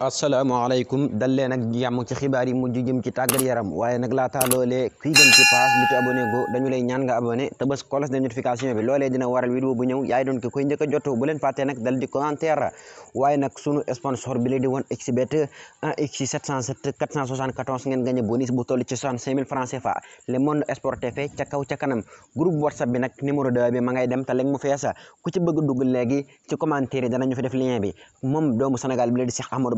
asalaamaaleykum dal leen ak jàmm ci xibaar yi mujj jëm ci tàggat yaram waaye nag laataa loolee kuy gën ci paas bu ci go dañu lay ñaan nga abonné te bés kolos de notification bi loolee dina waral vidéo bu ñëw yaay doon ki koy njëkk a jotu bu leen nag dal commentaire waaye nag sunu sponsor bi la di woon xbet 1x 707 474 bi nag numéro 2 bi ma dem te léegi mu feesa ku ci bëgg dugg léegi ci commentaire yi danañu fi def lien bi moom doomu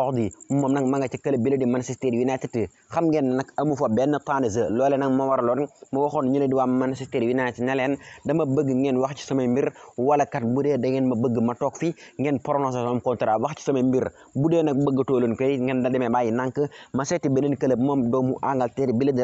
Ford yi moom nag ma nga ci club bi Manchester United xam ngeen nag amu waraloon mu waxoon ñu ne di Manchester United ne leen dama bëgg ngeen wax ci mbir wala kat bu da ngeen ma bëgg ma toog fi ngeen prononcé sama contrat wax ci mbir bu nag bëggatoo leen koy ngeen da demee bàyyi nànk ma seeti beneen club moom doomu Angleterre bi la di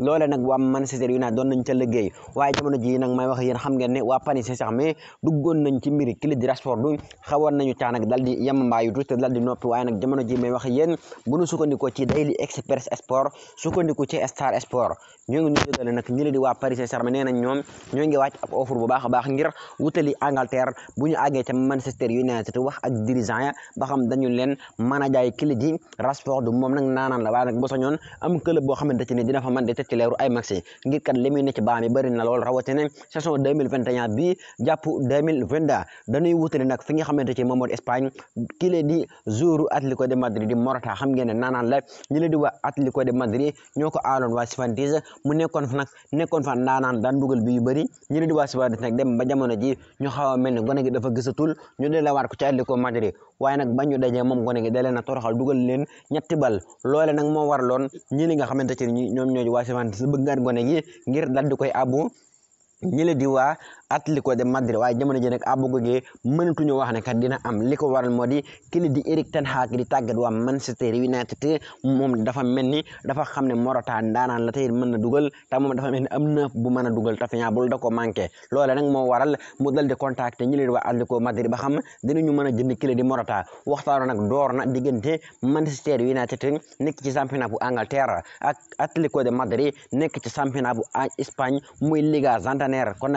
loole nag waa Manchester United doon nañ ca liggéey jamono ji nag may wax yéen xam ngeen ne waa nag jamono ji may wax yéen mënu sukkandikoo ci Daily Express sport sukkandiku ci Star sport ñoo ngi ñu jógale nag ñi la baax a baax ngir wutali Angleterre bu ñu àggee ca Manchester United wax ak ya ba dañu leen mën a jaay kili ji moom nag naanaan la waaye nag boo sañoon am club boo xamante ci ne dina fa mën di tëccileeru ay maxi ngir kat li muy baa mi bëri na lool rawatina saison dañuy wutali nag fi nga xamante ci Atlético de Madrid di Morata xam ngeen ne naanaan la ñu leen di waa Atlético de Madrid ñoo ko aaloon waa Juventus mu nekkoon fa nag nekkoon fa naanaan daan dugal bi yu bëri ñu leen di waa Juventus nag ba ji ñu xaw a mel ne gone gi dafa gisatul ñu delloowaat ko ci Atlético Madrid waaye nag ba ñu dajee moom gone gi dalee na toroxal dugal leen ñetti bal loole nag moo waraloon ñi li nga xamante ci ñoom ñoo waa Juventus bëggaan gone gi ngir dal di koy abu ñi leen Atlético de Madrid waaye jamono ji nag àbu googee mënatuñu wax ne kat dina am li ko waral moo di kili di Erik ten Hag di tàggat waa Manchester United moom dafa mel ni dafa xam ne Morata ndaanaan la tey mën na dugal te moom dafa mel ni am na bu mën a dugal te fiñaa bul da ko manqué loole nag moo waral mu dal di contacter ñi leen waa Atlético Madrid ba xam dinañu mën a jënd kili di Morata waxtaano nag door na diggante Manchester United nekk ci championnat bu Angleterre ak Atlético de Madrid nekk ci bu Espagne muy Liga Santander kon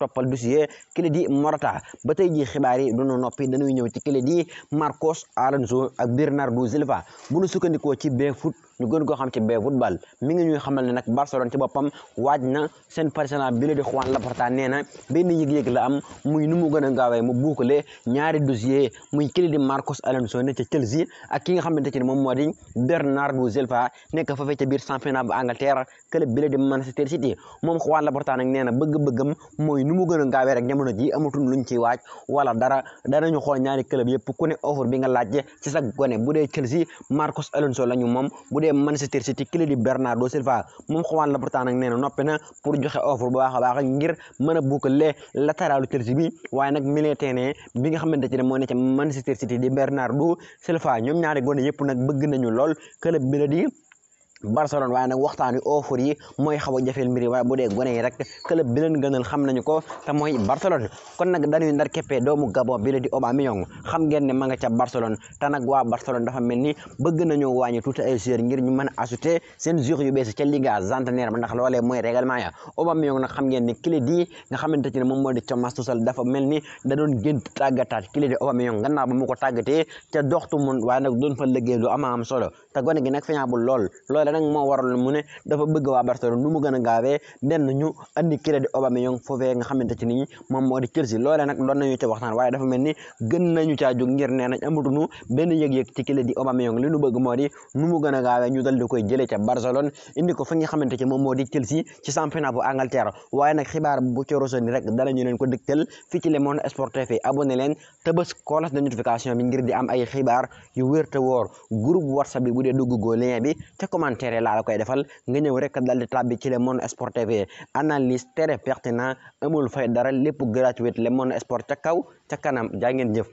toppal dossier kile di Morata ba tey ji xibaar yi duna noppi dañuy ñëw ci kile di Marcos Alonso ak Bernardo Silva bu nu sukkandikoo ci BeFoot ñu gën koo xam ci bee football mi ngi ñuy xamal ne nag Barcelone ci boppam waaj na seen président bi la di Juan Laporta nee na benn yëg la am muy nu mu gën a gaawee mu buukale ñaari dossier muy kii di Marcos Alonso ne ca Chelsea ak ki nga xamante ne moom moo di Bernardo Silva nekk foofee ca biir championnat bu Angleterre club bi di Manchester City moom Juan Laporta nag nee bëgg-bëggam mooy nu mu gën a rek jamono ji amatul luñ ci dee Manchester City kii la di Bernardo Silva moom xawaan la pourtant nee na noppi na pour joxe offre bu baax a baax ngir mën a boucler latéralu Chelsea bi waaye nag milieu terrain bi nga xamante ne mo ne ca Manchester City di Bernardo Silva ñoom ñaari na yëpp nag bëgg nañu lool club bi la di Barcelone waaye nag waxtaan wi offre yi mooy xaw a jafeel mbir yi waaye bu dee gone yi rek club bi leen gënal xam nañu ko te mooy Barcelone kon nag dañuy ndar keppee doomu Gabon bi la di Aubameyang xam ngeen ne ma nga ca Barcelone ay joueurs ngir ñu mën a ajouter seen joueurs yu bees ca ndax loolee mooy règlement ya Aubameyang nag xam ngeen ne kilé di nga xamante ci ne moom moo di Thomas Tuchel dafa mel ni da doon gént tàggataat kilé di Aubameyang gannaaw ba mu ko tàggatee ca Dortmund waaye nag doon fa liggéey lu am solo te gone gi nag feñaabul lool lool loole nag moo waral mu ne dafa bëgg waa Barcelone lu mu gën a gaawee benn ñu andi crédit Aubameyang nga xamante ci nii moom moo di Chelsea loole nag doon nañu ca waxtaan waaye dafa mel ni gën nañu caa jóg ngir nee nañ amatuñu benn yëg-yëg ci crédit Aubameyang li nu bëgg moo di nu mu gën a gaawee ñu dal di koy jëlee ca Barcelone indi ko fa nga ci moom moo di Chelsea ci championnat bu Angleterre waaye nag xibaar bu ci rosoni rek danañu leen ko dëgtal fii ci Le Monde Sportif yi abonné leen te bés kolas de notification bi ngir di am ay xibaar yu wér te wóor groupe WhatsApp bi bu dee dugg goo lien bi tere laa la koy defal nga ñëw rek dal di tàbbi ci le sport sportif yi analyse très pertinent amul fay dara lépp gratuite le monde sport ca kaw ca kanam jaa ngeen jëf